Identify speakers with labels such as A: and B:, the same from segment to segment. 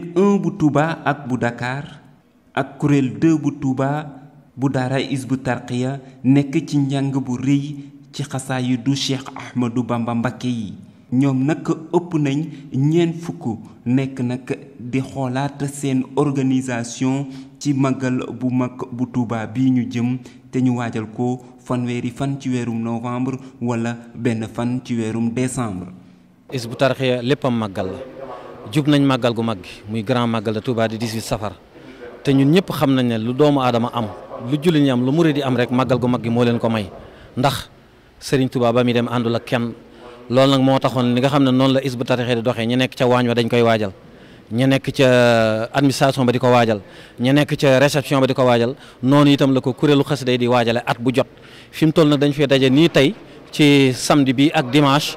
A: kuréel bu Touba ak bu Dakar ak kuréel 2 bu Touba bu daara isbu nekk ci njàng bu rëy ci xasaayu du Cheikh Ahmadou Bamba Mbakke yi ñoom nag ëpp nañ ñeent fukk nekk nag di xoolaat seen organisation ci màggal bu mag bu Touba bi ñu jëm te ñu waajal ko fanweeri fan ci weerum novembre wala benn fan
B: ci weerum décembre. Hizbut Tarqiyyah léppam màggal la. jub nañ màggal gu mag gi muy grand màggal de Touba di 18 safar te ñun ñëpp xam nañ ne lu doomu aadama am lu julli ñi am lu murid di am rek màggal gu mag gi moo leen ko may ndax Serigne Touba ba muy dem àndul ak kenn loolu nag moo taxoon li nga xam ne noonu la is bu tarixee di doxee ñu nekk ca waañ wa dañ koy waajal ñu nekk ca administration ba di ko waajal ñu nekk ca réception ba di ko waajal noonu itam la ko kuréelu day di waajale at bu jo fi mu toll nii tey ci samedi bi ak dimanche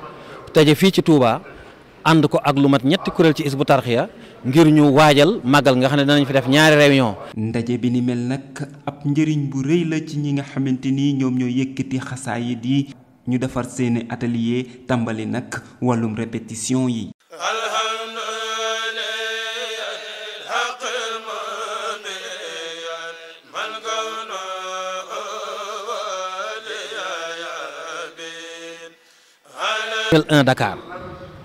B: and ko ak lu mat ñetti kurel ci isbu tarxiya ngir ñu wajal magal nga xamne dañu fi def ñaari réunion ndaje bi ni mel nak ab njëriñ bu
A: reey la ci ñi nga xamanteni ñom ñoy yekkati xasaayi di ñu defar seen atelier tambali nak walum répétition yi
B: Dakar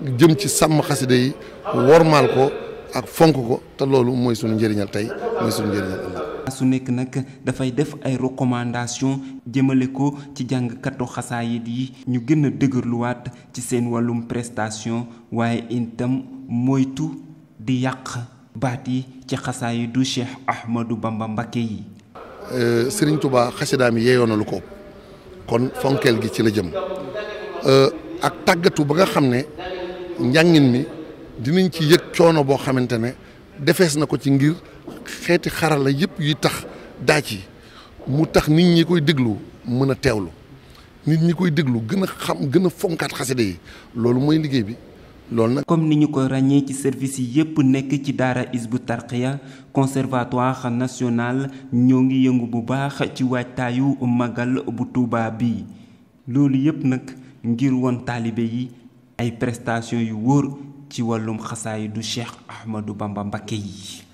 C: jëm ci sam xasida yi wormal ko ak fonk ko te lolu moy sunu njëriñal tay moy sunu njëriñal ëllëg su nak da fay def ay recommandation
A: jëmele ko ci kato xasaayit yi ñu gën a wat ci seen walum prestation waye intam moytu di yaq baat yi ci xasaayidu Cheikh Ahmadou Bamba mbake yi
C: euh, Serigne Touba mi ko kon fonkel gi ci la jëm euh, ak tagatu ba nga xamne njàngin mi dinañ ci yëg coono boo xamante ne defees na ko ci ngir xeeti xarala yëpp yuy tax daaj yi mu tax nit ñi koy déglu mën a teewlu nit ñi koy déglu gën a xam gën fonkaat xasida yi loolu mooy
A: liggéey bi loolu nag. comme ni ñu ko ràññee ci service yi yëpp nekk ci daara Hizbut Tarqiyyah conservatoire national ñoo ngi yëngu bu baax ci waajtaayu magal bu Tuuba bi loolu yëpp nag ngir woon taalibe yi. ay prestation yu wóor ci wàllum du Cheikh Ahmadou Bamba Mbacké yi